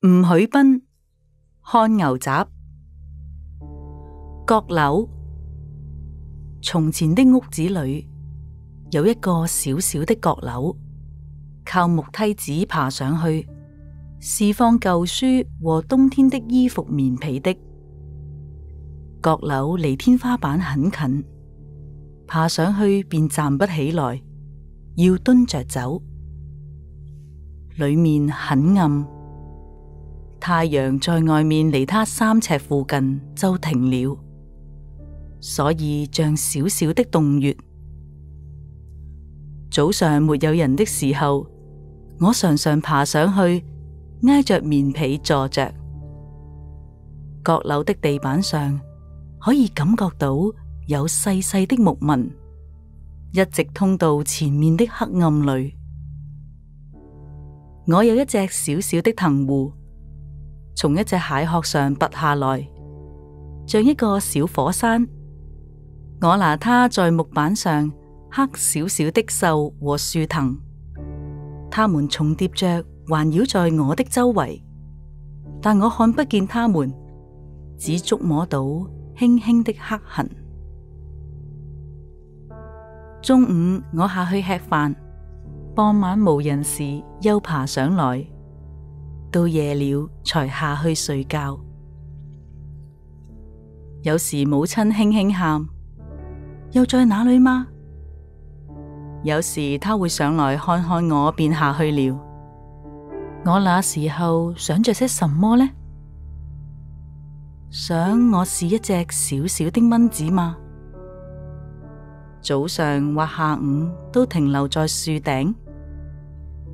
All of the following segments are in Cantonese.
吳煦斌看牛集。閣樓。從前的屋子裏有一個小小的閣樓，靠木梯子爬上去，是放舊書和冬天的衣服棉被的。閣樓離天花板很近，爬上去便站不起來，要蹲着走。裏面很暗。太陽在外面離他三尺附近就停了，所以像小小的洞穴。早上沒有人的時候，我常常爬上去挨着棉被坐着。閣樓的地板上可以感覺到有細細的木紋，一直通到前面的黑暗裏。我有一隻小小的藤壺。從一隻蟹殼上拔下來，像一個小火山。我拿它在木板上刻小小的獸和樹藤，它們重疊着，環繞在我的周圍，但我看不見它們，只觸摸到輕輕的黑痕。中午我下去吃飯，傍晚無人時又爬上來。到夜了才下去睡覺，有時母親輕輕喊又在哪裏嗎？有時她會上來看看我，便下去了。我那時候想着些什麼呢？想我是一隻小小的蚊子嗎？早上或下午都停留在樹頂。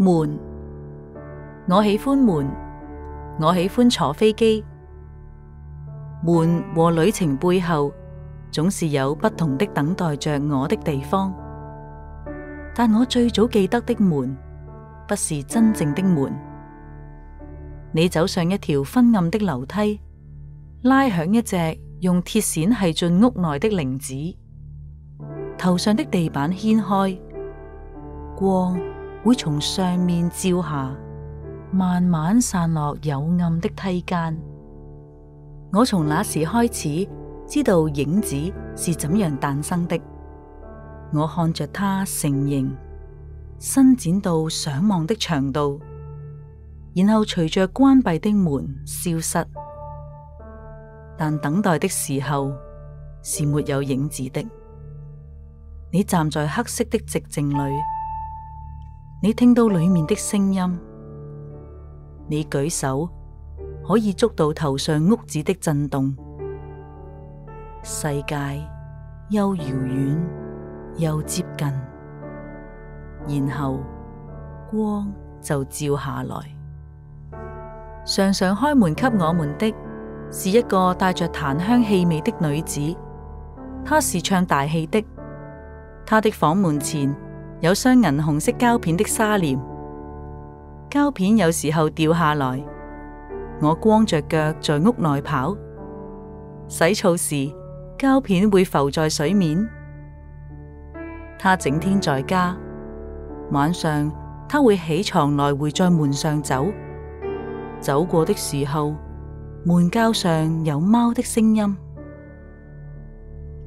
門，我喜歡門，我喜歡坐飛機。門和旅程背後，總是有不同的等待着我的地方。但我最早記得的門，不是真正的門。你走上一條昏暗的樓梯，拉響一隻用鐵線繫進屋內的鈴子，頭上的地板掀開，光。會從上面照下，慢慢散落幽暗的梯間。我從那時開始知道影子是怎樣誕生的。我看着它成形，伸展到想望的長度，然後隨着關閉的門消失。但等待的時候是沒有影子的。你站在黑色的寂靜裏。你聽到裏面的聲音，你舉手可以捉到頭上屋子的震動，世界又遙遠又接近，然後光就照下來。常常開門給我們的，是一個帶着檀香氣味的女子，她是唱大戲的，她的房門前，有雙銀紅色膠片的沙簾，膠片有時候掉下來。我光着腳在屋內跑，洗澡時膠片會浮在水面。他整天在家，晚上他會起床來回在門上走，走過的時候門膠上有貓的聲音。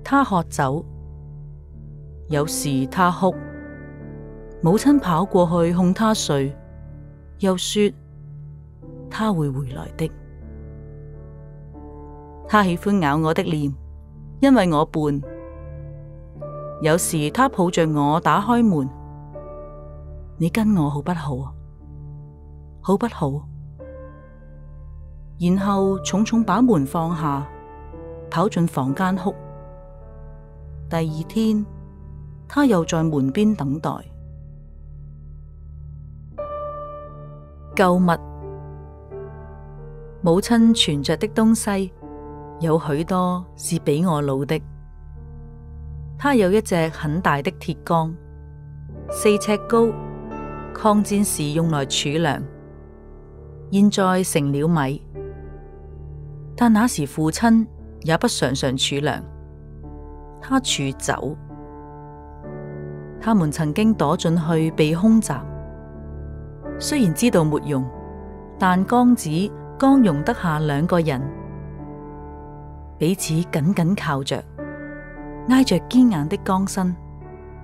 他喝酒，有時他哭。母親跑過去哄她睡，又說她會回來的。她喜歡咬我的臉，因為我笨。有時她抱着我打開門，你跟我好不好？好不好？然後重重把門放下，跑進房間哭。第二天，她又在門邊等待。舊物，母親存着的東西有許多是比我老的。他有一隻很大的鐵缸，四尺高，抗戰時用來儲糧，現在成了米。但那時父親也不常常儲糧，他儲酒。他們曾經躲進去避空襲。雖然知道沒用，但缸子剛容得下兩個人，彼此緊緊靠着，挨着堅硬的缸身，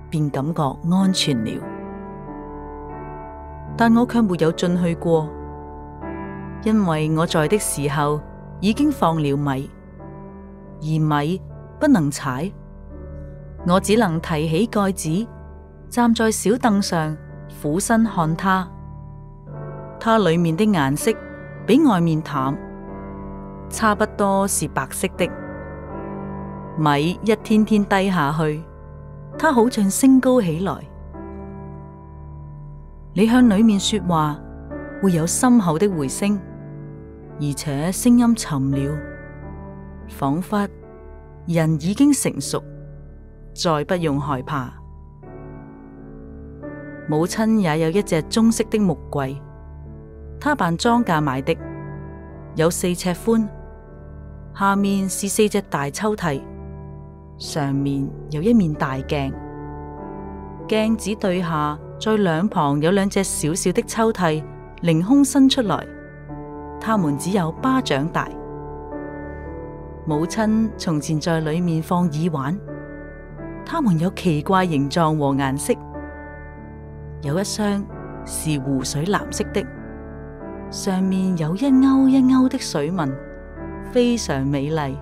便感覺安全了。但我卻沒有進去過，因為我在的時候已經放了米，而米不能踩，我只能提起蓋子，站在小凳上，俯身看他。它裏面的顏色比外面淡，差不多是白色的。米一天天低下去，它好像升高起來。你向裏面說話，會有深厚的回聲，而且聲音沉了，仿佛人已經成熟，再不用害怕。母親也有一隻棕色的木櫃。他辦莊架買的，有四尺寬，下面是四隻大抽屜，上面有一面大鏡，鏡子對下，在兩旁有兩隻小小的抽屜，凌空伸出來，它們只有巴掌大。母親從前在裏面放耳環，它們有奇怪形狀和顏色，有一雙是湖水藍色的。上面有一凹一凹的水紋，非常美麗。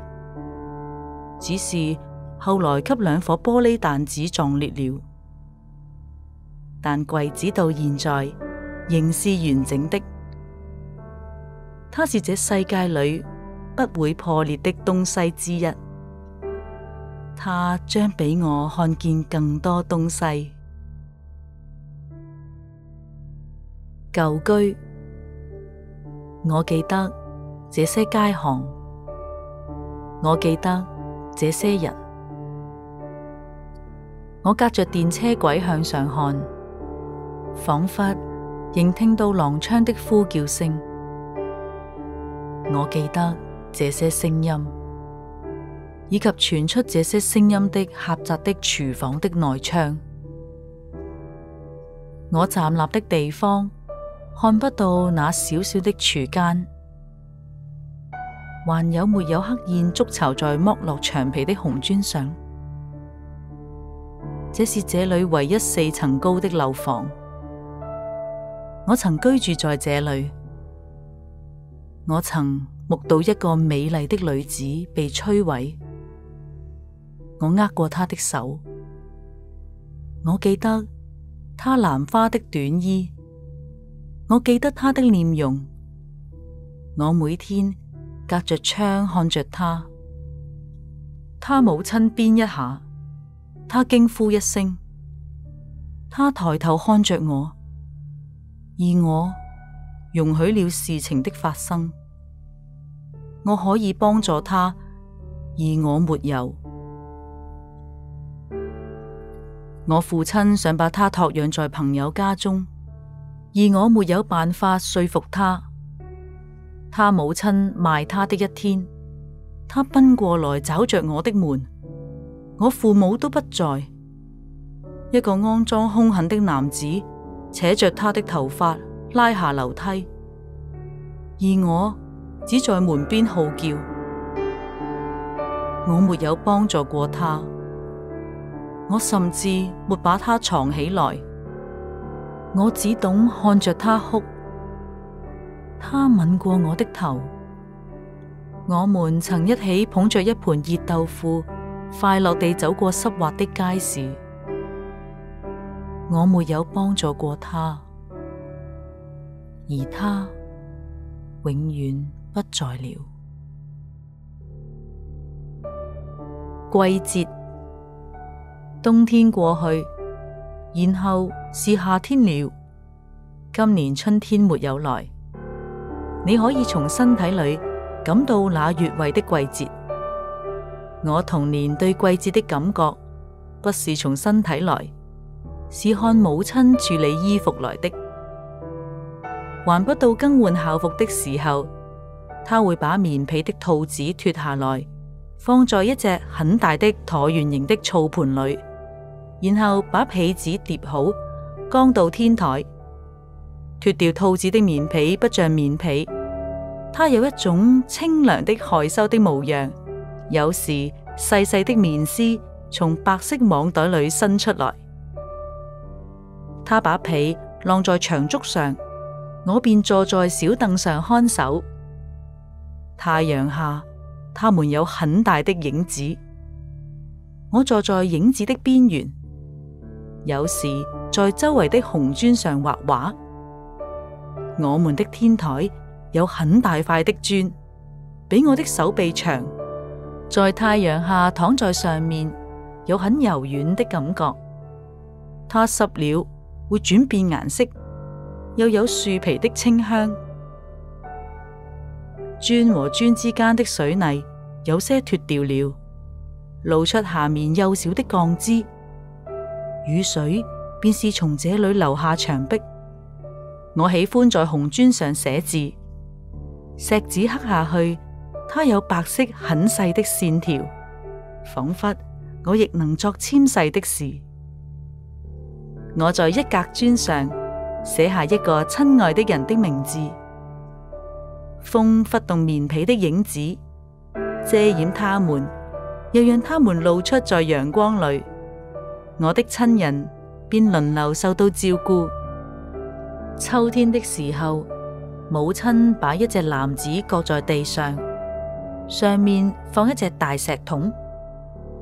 只是後來給兩顆玻璃彈子撞裂了，但櫃子到現在仍是完整的。它是這世界裏不會破裂的東西之一，它將俾我看見更多東西。舊居。我記得這些街巷，我記得這些人，我隔着電車軌向上看，仿佛仍聽到狼槍的呼叫聲。我記得這些聲音，以及傳出這些聲音的狹窄的廚房的內窗，我站立的地方。看不到那小小的廚間，還有沒有黑燕築巢在剝落牆皮的紅磚上？這是這裏唯一四層高的樓房。我曾居住在這裏，我曾目睹一個美麗的女子被摧毀，我握過她的手，我記得她藍花的短衣。我記得他的臉容，我每天隔着窗看着他。他母親鞭一下，他驚呼一聲，他抬頭看着我，而我容許了事情的發生。我可以幫助他，而我沒有。我父親想把他托養在朋友家中。而我沒有辦法說服他，他母親賣他的一天，他奔過來找着我的門，我父母都不在，一個骯髒兇狠的男子扯着他的頭髮拉下樓梯，而我只在門邊號叫，我沒有幫助過他，我甚至沒把他藏起來。我只懂看着他哭，他吻過我的頭，我們曾一起捧着一盤熱豆腐，快樂地走過濕滑的街市。我沒有幫助過他，而他永遠不在了。季節，冬天過去。然後是夏天了。今年春天沒有來，你可以從身體裏感到那月位的季節。我童年對季節的感覺，不是從身體來，是看母親處理衣服來的。還不到更換校服的時候，他會把棉被的套子脱下來，放在一隻很大的橢圓形的澡盆裏。然後把被子疊好，剛到天台，脱掉兔子的棉被，不像棉被，它有一種清涼的害羞的模樣。有時細細的棉絲從白色網袋裏伸出來。他把被晾在長竹上，我便坐在小凳上看守。太陽下，他們有很大的影子。我坐在影子的邊緣。有時在周圍的紅磚上畫畫。我們的天台有很大塊的磚，比我的手臂長。在太陽下躺在上面，有很柔軟的感覺。它濕了會轉變顏色，又有樹皮的清香。磚和磚之間的水泥有些脱掉了，露出下面幼小的鋼枝。雨水便是從這裏流下牆壁。我喜歡在紅磚上寫字，石子刻下去，它有白色很細的線條，仿佛我亦能作纖細的事。我在一格磚上寫下一個親愛的人的名字。風拂動棉被的影子，遮掩它們，又讓它們露出在陽光裏。我的親人便輪流受到照顧。秋天的時候，母親把一隻籃子擱在地上，上面放一隻大石桶，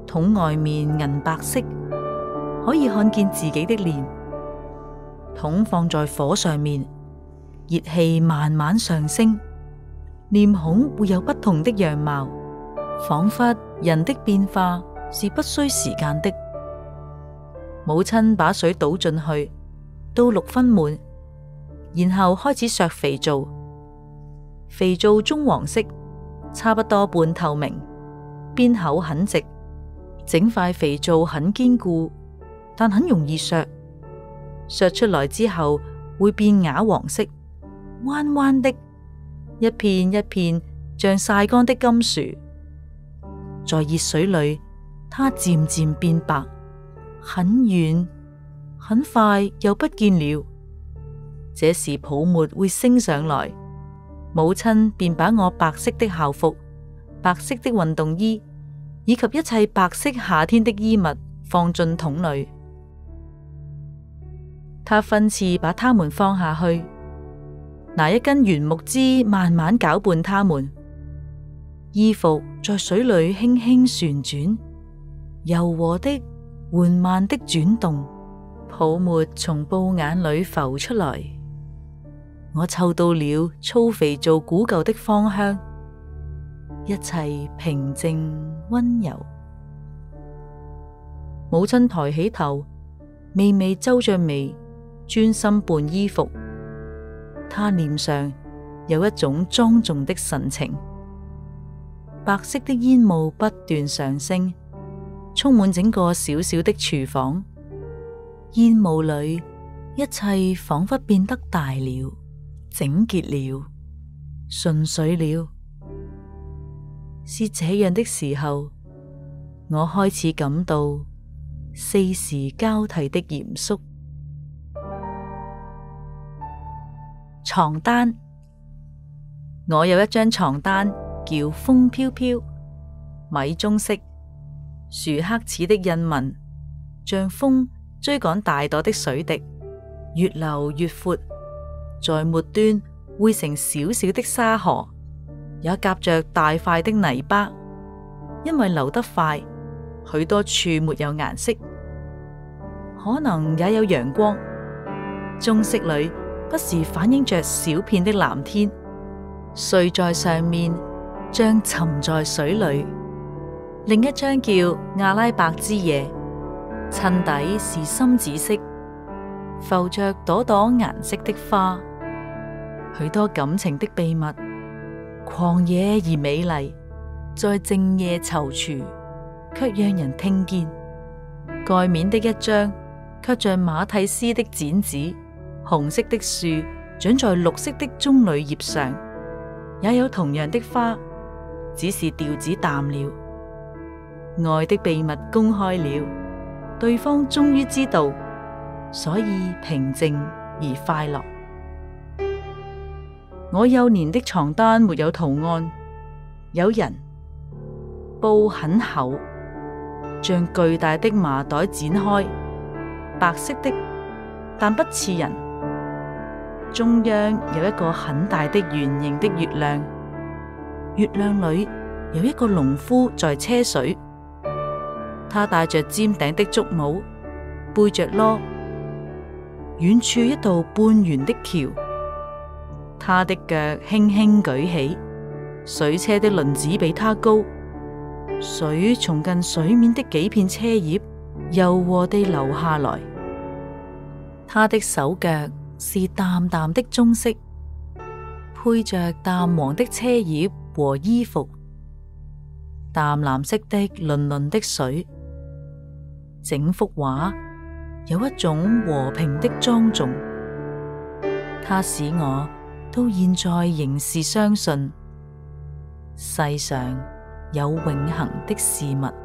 桶外面銀白色，可以看見自己的臉。桶放在火上面，熱氣慢慢上升，臉孔會有不同的樣貌，仿佛人的變化是不需時間的。母親把水倒進去，到六分滿，然後開始削肥皂。肥皂棕黃色，差不多半透明，邊口很直。整塊肥皂很堅固，但很容易削。削出來之後會變啞黃色，彎彎的，一片一片，像曬乾的金薯。在熱水裏，它漸漸變白。很遠，很快又不見了。這時泡沫會升上來，母親便把我白色的校服、白色的運動衣以及一切白色夏天的衣物放進桶裏。她分次把它們放下去，拿一根圓木枝慢慢攪拌它們。衣服在水裏輕輕旋轉，柔和的。緩慢的轉動，泡沫從布眼裏浮出來。我嗅到了粗肥皂古舊的芳香，一切平靜温柔。母親抬起頭，微微皺着眉，專心伴衣服。她臉上有一種莊重的神情。白色的煙霧不斷上升。充滿整個小小的廚房，煙霧裏一切仿佛變得大了、整潔了、順水了。是這樣的時候，我開始感到四時交替的嚴肅。床單，我有一張床單叫風飄飄，米棕色。樹刻似的印紋，像風追趕大朵的水滴，越流越闊，在末端匯成小小的沙河，也夾着大塊的泥巴。因為流得快，許多處沒有顏色，可能也有陽光。棕色裏不時反映着小片的藍天，睡在上面，像沉在水裏。另一張叫阿拉伯之夜，襯底是深紫色，浮着朵朵顏色的花，許多感情的秘密，狂野而美麗，在靜夜躊躇，卻讓人聽見。蓋面的一張卻像馬蒂斯的剪紙，紅色的樹長在綠色的棕櫚葉上，也有同樣的花，只是調子淡了。愛的秘密公開了，對方終於知道，所以平靜而快樂。我幼年的床單沒有圖案，有人布很厚，像巨大的麻袋展開，白色的，但不似人。中央有一個很大的圓形的月亮，月亮裏有一個農夫在車水。他戴着尖頂的竹帽，背着籮，遠處一道半圓的橋。他的腳輕輕舉起，水車的輪子比他高，水從近水面的幾片車葉柔和地流下來。他的手腳是淡淡的棕色，配着淡黃的車葉和衣服，淡藍色的粼粼的水。整幅畫有一種和平的莊重，它使我到現在仍是相信世上有永恆的事物。